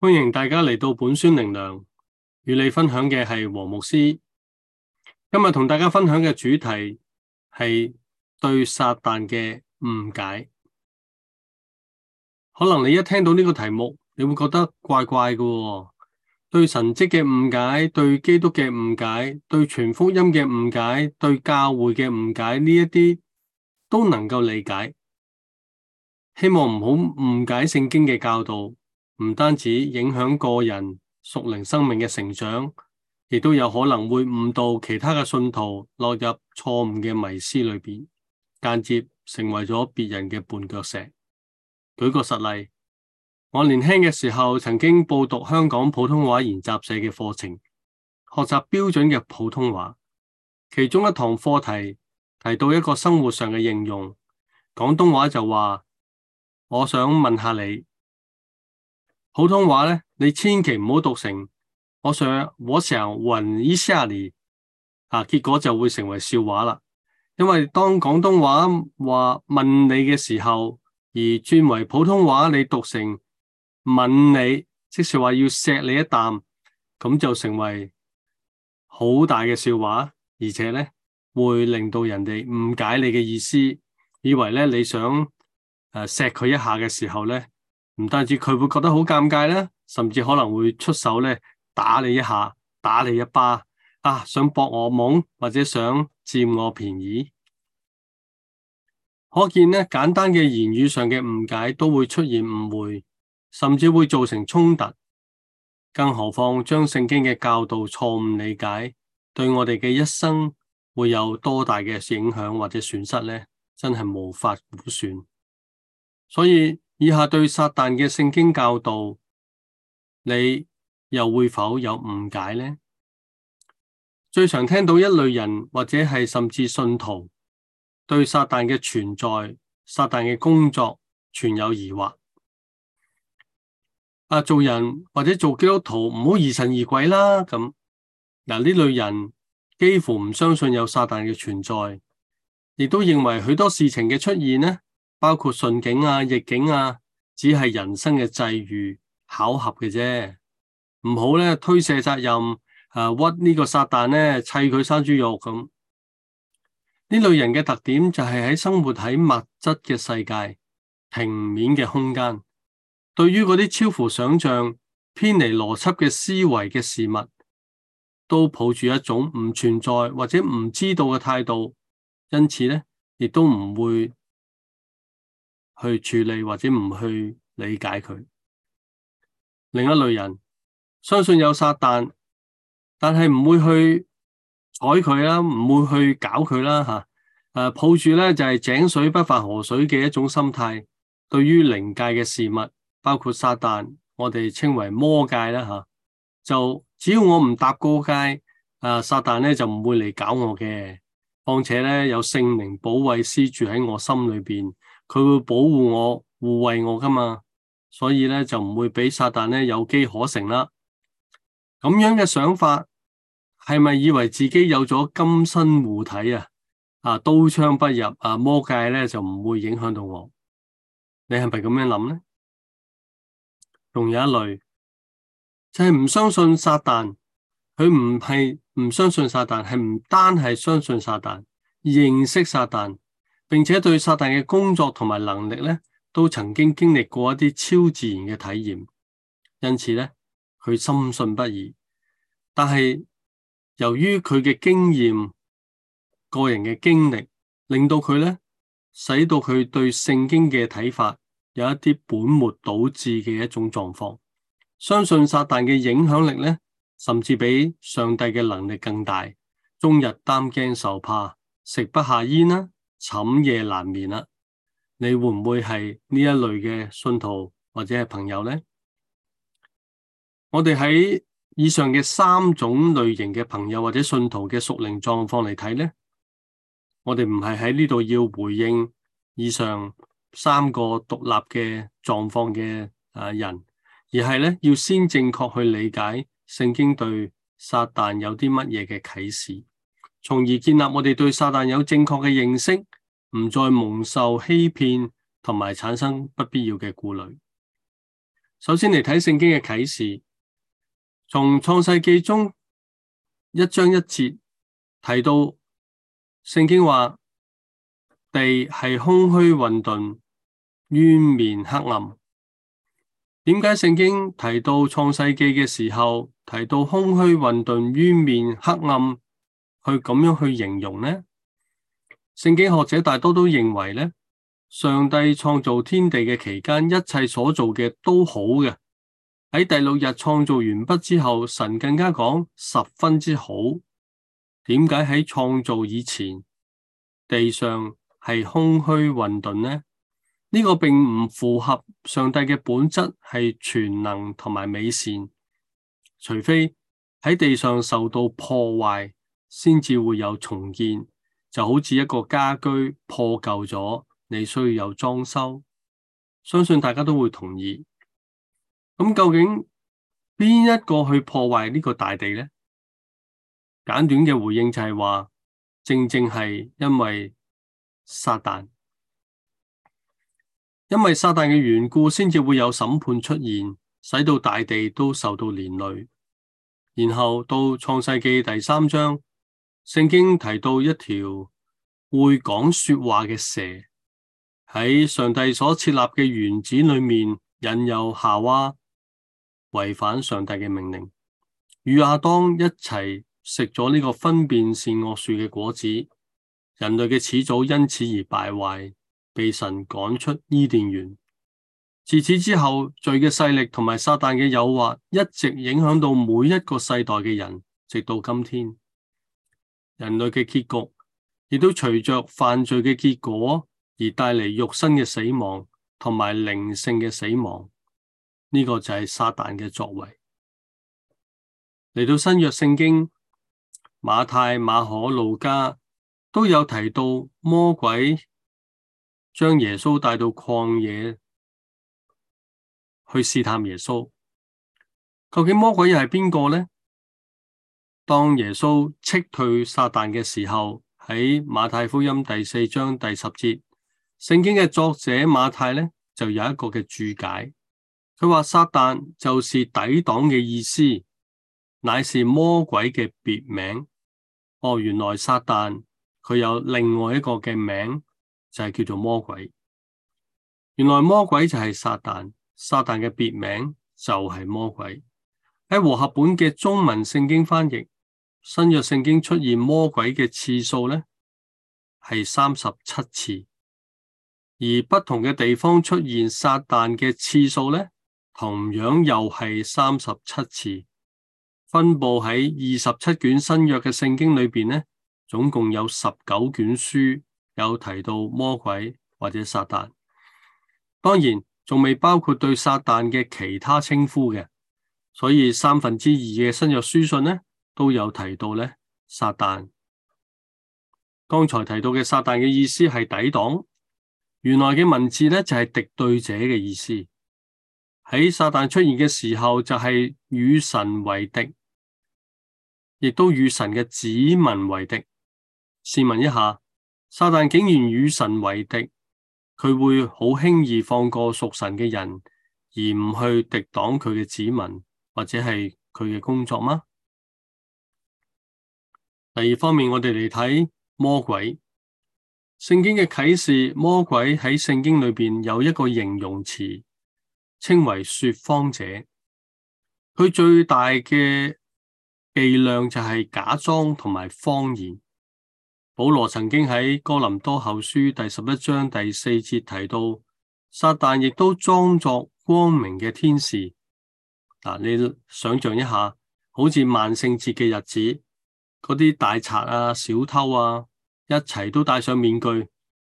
歡迎大家嚟到本宣靈糧，與你分享嘅係黃牧師。今日同大家分享嘅主題係對撒旦嘅誤解。可能你一聽到呢個題目，你會覺得怪怪嘅、哦。對神蹟嘅誤解，對基督嘅誤解，對全福音嘅誤解，對教會嘅誤解，呢一啲都能夠理解。希望唔好誤解聖經嘅教導。唔單止影響個人屬靈生命嘅成長，亦都有可能會誤導其他嘅信徒落入錯誤嘅迷思裏邊，間接成為咗別人嘅絆腳石。舉個實例，我年輕嘅時候曾經報讀香港普通話研習社嘅課程，學習標準嘅普通話。其中一堂課題提到一個生活上嘅應用，廣東話就話：我想問下你。普通話咧，你千祈唔好讀成，我想我想問一下你啊，結果就會成為笑話啦。因為當廣東話話問你嘅時候，而轉為普通話你讀成問你，即是話要錫你一啖，咁就成為好大嘅笑話，而且咧會令到人哋誤解你嘅意思，以為咧你想誒錫佢一下嘅時候咧。唔但止佢會覺得好尷尬，甚至可能會出手打你一下，打你一巴，啊想博我懵或者想佔我便宜。可見呢，簡單嘅言語上嘅誤解都會出現誤會，甚至會造成衝突。更何況將聖經嘅教導錯誤理解，對我哋嘅一生會有多大嘅影響或者損失呢？真係無法估算。所以。以下對撒旦嘅聖經教導，你又會否有誤解呢？最常聽到一類人或者係甚至信徒對撒旦嘅存在、撒旦嘅工作存有疑惑啊！做人或者做基督徒唔好疑神疑鬼啦咁。呢類人幾乎唔相信有撒旦嘅存在，亦都認為許多事情嘅出現呢。包括順境啊、逆境啊，只係人生嘅際遇巧合嘅啫，唔好咧推卸責任，啊屈呢個撒旦咧砌佢生豬肉咁。呢類人嘅特點就係喺生活喺物質嘅世界、平面嘅空間，對於嗰啲超乎想象、偏離邏輯嘅思維嘅事物，都抱住一種唔存在或者唔知道嘅態度，因此咧亦都唔會。去處理或者唔去理解佢，另一類人相信有撒旦，但係唔會去睬佢啦，唔會去搞佢啦，吓、啊，誒抱住咧就係、是、井水不犯河水嘅一種心態。對於靈界嘅事物，包括撒旦，我哋稱為魔界啦，吓、啊，就只要我唔搭過界，誒、啊、撒旦咧就唔會嚟搞我嘅。況且咧有聖靈保惠師住喺我心裏邊。佢會保護我、護衛我噶嘛，所以咧就唔會俾撒旦咧有機可乘啦。咁樣嘅想法係咪以為自己有咗金身護體啊？啊，刀槍不入啊，魔界咧就唔會影響到我。你係咪咁樣諗咧？仲有一類，就係唔相信撒旦。佢唔係唔相信撒旦，係唔單係相信撒旦，認識撒旦。並且對撒旦嘅工作同埋能力咧，都曾經經歷過一啲超自然嘅體驗，因此咧，佢深信不疑。但係由於佢嘅經驗、個人嘅經歷，令到佢咧，使到佢對聖經嘅睇法有一啲本末倒置嘅一種狀況。相信撒旦嘅影響力咧，甚至比上帝嘅能力更大，終日擔驚受怕，食不下咽啦、啊。深夜難眠啦，你會唔會係呢一類嘅信徒或者係朋友呢？我哋喺以上嘅三種類型嘅朋友或者信徒嘅屬靈狀況嚟睇，呢，我哋唔係喺呢度要回應以上三個獨立嘅狀況嘅人，而係咧要先正確去理解聖經對撒旦有啲乜嘢嘅啟示。從而建立我哋對撒旦有正確嘅認識，唔再蒙受欺騙同埋產生不必要嘅顧慮。首先嚟睇聖經嘅啟示，從創世記中一章一節提到，聖經話地係空虛混沌、淵面黑暗。點解聖經提到創世記嘅時候提到空虛混沌、淵面黑暗？去咁樣去形容呢？聖經學者大多都認為呢，上帝創造天地嘅期間，一切所做嘅都好嘅。喺第六日創造完畢之後，神更加講十分之好。點解喺創造以前，地上係空虛混沌呢？呢個並唔符合上帝嘅本質係全能同埋美善，除非喺地上受到破壞。先至會有重建，就好似一個家居破舊咗，你需要有裝修。相信大家都會同意。咁究竟邊一個去破壞呢個大地呢？簡短嘅回應就係話，正正係因為撒旦，因為撒旦嘅緣故，先至會有審判出現，使到大地都受到連累。然後到創世記第三章。聖經提到一條會講說話嘅蛇，喺上帝所設立嘅園子裏面引誘夏娃違反上帝嘅命令，與亞當一齊食咗呢個分辨善惡樹嘅果子。人類嘅始祖因此而敗壞，被神趕出伊甸園。自此之後，罪嘅勢力同埋撒旦嘅誘惑一直影響到每一個世代嘅人，直到今天。人類嘅結局，亦都隨着犯罪嘅結果而帶嚟肉身嘅死亡，同埋靈性嘅死亡。呢、這個就係撒旦嘅作為。嚟到新約聖經，馬太、馬可、路加都有提到魔鬼將耶穌帶到曠野去試探耶穌。究竟魔鬼又係邊個呢？當耶穌斥退撒旦嘅時候，喺馬太福音第四章第十節，聖經嘅作者馬太呢，就有一個嘅注解，佢話撒旦就是抵擋嘅意思，乃是魔鬼嘅別名。哦，原來撒旦，佢有另外一個嘅名就係叫做魔鬼。原來魔鬼就係撒旦，撒旦嘅別名就係魔鬼。喺和合本嘅中文聖經翻譯。新約聖經出現魔鬼嘅次數呢，係三十七次，而不同嘅地方出現撒旦嘅次數呢，同樣又係三十七次。分布喺二十七卷新約嘅聖經裏邊呢，總共有十九卷書有提到魔鬼或者撒旦。當然仲未包括對撒旦嘅其他稱呼嘅，所以三分之二嘅新約書信呢。都有提到咧，撒旦。剛才提到嘅撒旦嘅意思係抵擋，原來嘅文字咧就係、是、敵對者嘅意思。喺撒旦出現嘅時候，就係、是、與神為敵，亦都與神嘅子民為敵。試問一下，撒旦竟然與神為敵，佢會好輕易放過屬神嘅人，而唔去抵擋佢嘅子民或者係佢嘅工作嗎？第二方面，我哋嚟睇魔鬼。聖經嘅啟示，魔鬼喺聖經裏邊有一個形容詞，稱為說謊者。佢最大嘅伎倆就係假裝同埋謊言。保羅曾經喺哥林多後書第十一章第四節提到，撒旦亦都裝作光明嘅天使。嗱、啊，你想象一下，好似萬聖節嘅日子。嗰啲大賊啊、小偷啊，一齊都戴上面具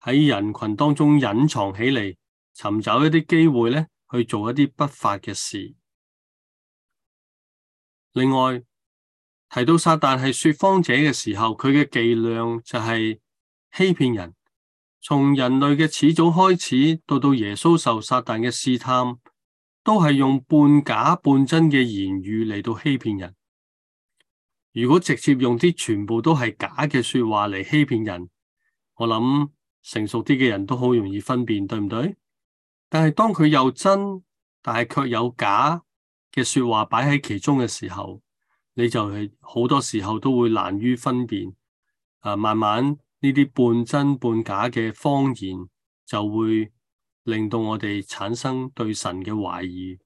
喺人群當中隱藏起嚟，尋找一啲機會咧去做一啲不法嘅事。另外提到撒旦係說謊者嘅時候，佢嘅伎倆就係欺騙人。從人類嘅始祖開始，到到耶穌受撒旦嘅試探，都係用半假半真嘅言語嚟到欺騙人。如果直接用啲全部都係假嘅說話嚟，欺騙人，我諗成熟啲嘅人都好容易分辨，對唔對？但係當佢有真，但係卻有假嘅說話擺喺其中嘅時候，你就係好多時候都會難於分辨。啊，慢慢呢啲半真半假嘅謊言就會令到我哋產生對神嘅懷疑。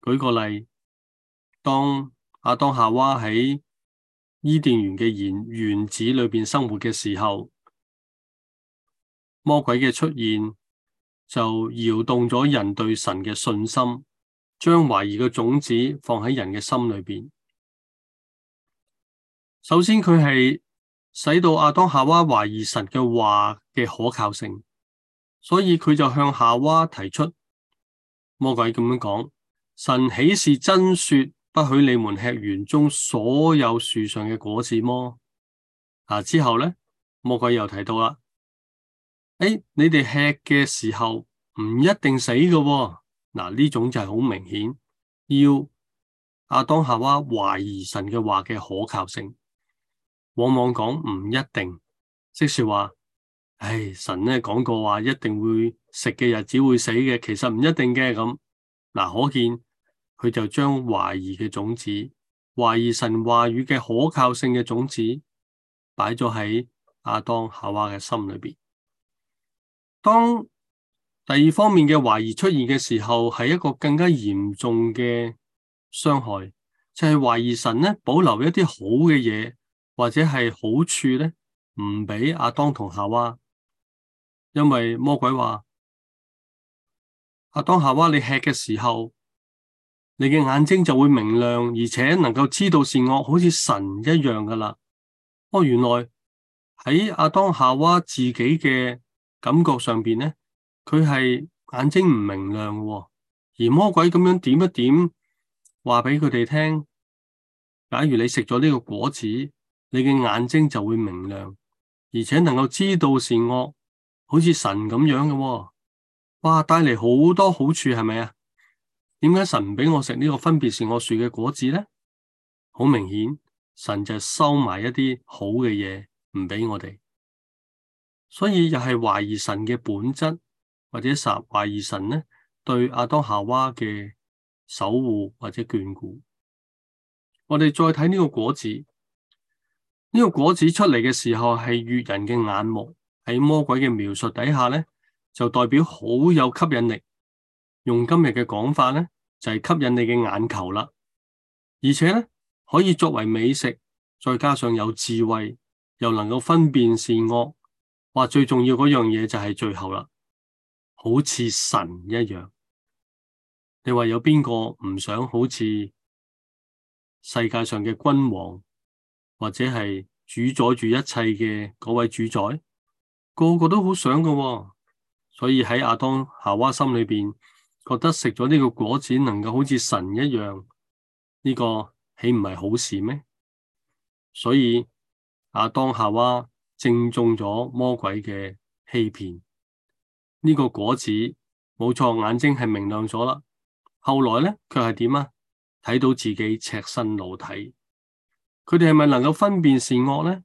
舉個例，當阿當夏娃喺伊甸園嘅園園子裏邊生活嘅時候，魔鬼嘅出現就搖動咗人對神嘅信心，將懷疑嘅種子放喺人嘅心裏邊。首先，佢係使到阿當夏娃懷疑神嘅話嘅可靠性，所以佢就向夏娃提出，魔鬼咁樣講：神豈是真說？不許你們吃園中所有樹上嘅果子麼？嗱、啊、之後咧，魔鬼又提到啦：哎，你哋吃嘅時候唔一定死噶、啊。嗱、啊、呢種就係好明顯，要阿當夏娃懷疑神嘅話嘅可靠性。往往講唔一定，即係說話，哎，神咧講過話，一定會食嘅日子會死嘅，其實唔一定嘅咁。嗱、啊，可見。佢就將懷疑嘅種子、懷疑神話語嘅可靠性嘅種子擺咗喺阿當夏娃嘅心裏邊。當第二方面嘅懷疑出現嘅時候，係一個更加嚴重嘅傷害，就係、是、懷疑神咧保留一啲好嘅嘢，或者係好處咧，唔俾阿當同夏娃，因為魔鬼話阿當夏娃，你吃嘅時候。你嘅眼睛就會明亮，而且能夠知道善惡，好似神一樣㗎喇。哦，原來喺阿當夏娃自己嘅感覺上邊咧，佢係眼睛唔明亮的，而魔鬼咁樣點一點，話俾佢哋聽：假如你食咗呢個果子，你嘅眼睛就會明亮，而且能夠知道善惡，好似神咁樣嘅。哇，帶嚟好多好處，係咪啊？點解神唔俾我食呢個分別是我樹嘅果子咧？好明顯，神就收埋一啲好嘅嘢，唔俾我哋，所以又係懷疑神嘅本質，或者係懷疑神咧對亞當夏娃嘅守護或者眷顧。我哋再睇呢個果子，呢個果子出嚟嘅時候係悅人嘅眼目，喺魔鬼嘅描述底下咧，就代表好有吸引力。用今日嘅講法咧，就係、是、吸引你嘅眼球啦，而且咧可以作為美食，再加上有智慧，又能夠分辨善惡，話最重要嗰樣嘢就係最後啦，好似神一樣。你話有邊個唔想好似世界上嘅君王，或者係主宰住一切嘅嗰位主宰？個個都好想㗎喎，所以喺亞當夏娃心裏邊。覺得食咗呢個果子能夠好似神一樣，呢個豈唔係好事咩？所以亞當夏娃正中咗魔鬼嘅欺騙。呢個果子冇錯，眼睛係明亮咗啦。後來咧，佢係點啊？睇到自己赤身露體，佢哋係咪能夠分辨善惡咧？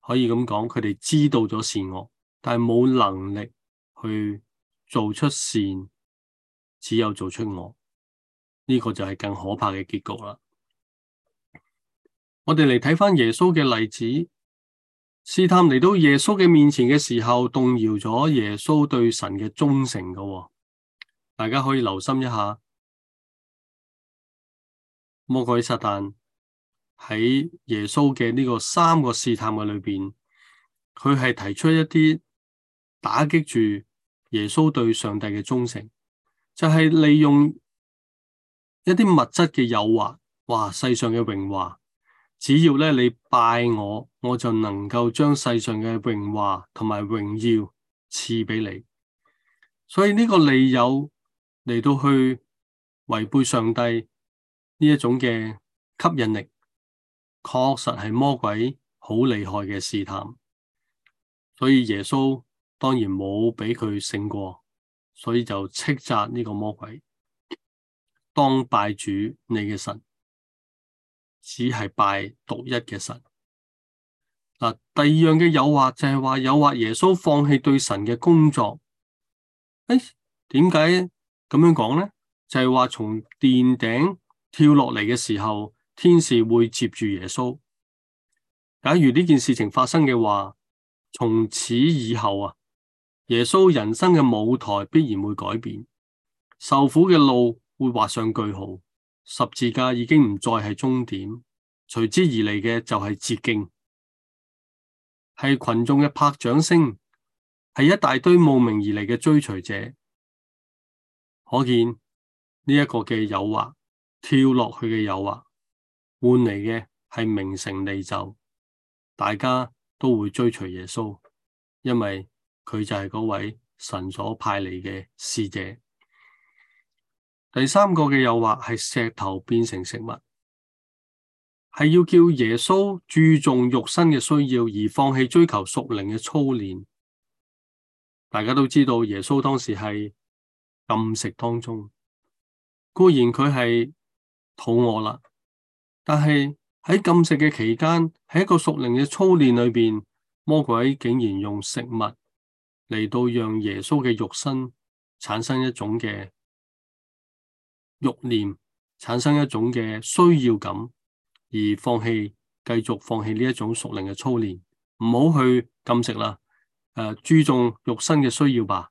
可以咁講，佢哋知道咗善惡，但係冇能力去做出善。只有做出我呢個就係更可怕嘅結局啦。我哋嚟睇翻耶穌嘅例子，試探嚟到耶穌嘅面前嘅時候，動搖咗耶穌對神嘅忠誠嘅、哦。大家可以留心一下，魔鬼撒旦喺耶穌嘅呢個三個試探嘅裏邊，佢係提出一啲打擊住耶穌對上帝嘅忠誠。就係利用一啲物質嘅誘惑，哇！世上嘅榮華，只要咧你拜我，我就能夠將世上嘅榮華同埋榮耀賜俾你。所以呢個利誘嚟到去違背上帝呢一種嘅吸引力，確實係魔鬼好厲害嘅試探。所以耶穌當然冇俾佢勝過。所以就斥責呢個魔鬼，當拜主你嘅神，只係拜獨一嘅神。嗱，第二樣嘅誘惑就係話誘惑耶穌放棄對神嘅工作。誒、哎，點解咁樣講咧？就係、是、話從殿頂跳落嚟嘅時候，天使會接住耶穌。假如呢件事情發生嘅話，從此以後啊。耶穌人生嘅舞台必然會改變，受苦嘅路會畫上句號，十字架已經唔再係終點，隨之而嚟嘅就係捷徑，係群眾嘅拍掌聲，係一大堆慕名而嚟嘅追隨者，可見呢一個嘅誘惑，跳落去嘅誘惑，換嚟嘅係名成利就，大家都會追隨耶穌，因為。佢就係嗰位神所派嚟嘅使者。第三個嘅誘惑係石頭變成食物，係要叫耶穌注重肉身嘅需要而放棄追求屬靈嘅操練。大家都知道耶穌當時係禁食當中，固然佢係肚餓啦，但係喺禁食嘅期間，喺一個屬靈嘅操練裏邊，魔鬼竟然用食物。嚟到讓耶穌嘅肉身產生一種嘅慾念，產生一種嘅需要感，而放棄繼續放棄呢一種屬靈嘅操練，唔好去禁食啦，誒、啊，注重肉身嘅需要吧。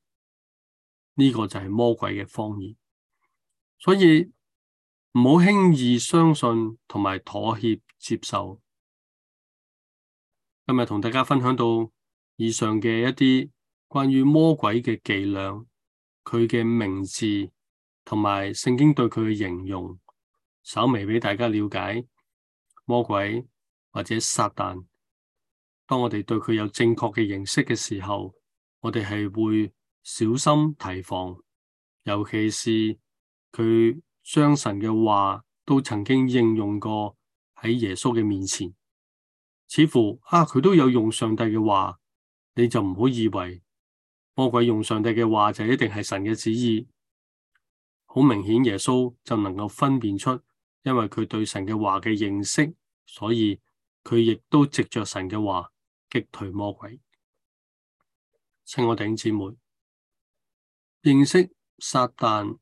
呢、這個就係魔鬼嘅謊言，所以唔好輕易相信同埋妥協接受。今日同大家分享到以上嘅一啲。關於魔鬼嘅伎倆，佢嘅名字同埋聖經對佢嘅形容，稍微俾大家了解魔鬼或者撒旦。當我哋對佢有正確嘅認識嘅時候，我哋係會小心提防，尤其是佢將神嘅話都曾經應用過喺耶穌嘅面前，似乎啊佢都有用上帝嘅話，你就唔好以為。魔鬼用上帝嘅話就一定係神嘅旨意，好明顯耶穌就能夠分辨出，因為佢對神嘅話嘅認識，所以佢亦都藉着神嘅話擊退魔鬼。親愛嘅弟兄姊妹認識撒旦。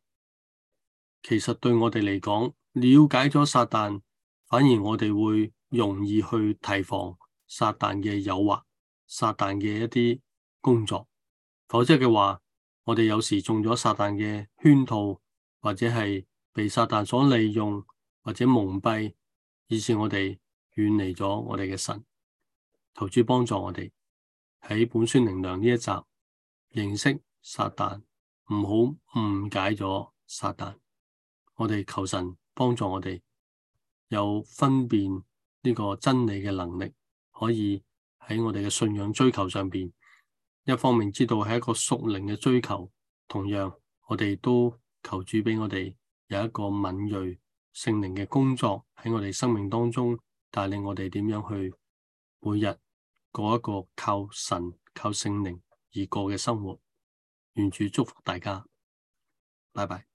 其實對我哋嚟講，了解咗撒旦，反而我哋會容易去提防撒旦嘅誘惑、撒旦嘅一啲工作。否則嘅話，我哋有時中咗撒旦嘅圈套，或者係被撒旦所利用或者蒙蔽，以致我哋遠離咗我哋嘅神。求主幫助我哋喺本宣靈糧呢一集認識撒旦，唔好誤解咗撒旦。我哋求神幫助我哋有分辨呢個真理嘅能力，可以喺我哋嘅信仰追求上面。一方面知道係一個屬靈嘅追求，同樣我哋都求主畀我哋有一個敏銳聖靈嘅工作喺我哋生命當中，帶領我哋點樣去每日過一個靠神、靠聖靈而過嘅生活。願主祝福大家，拜拜。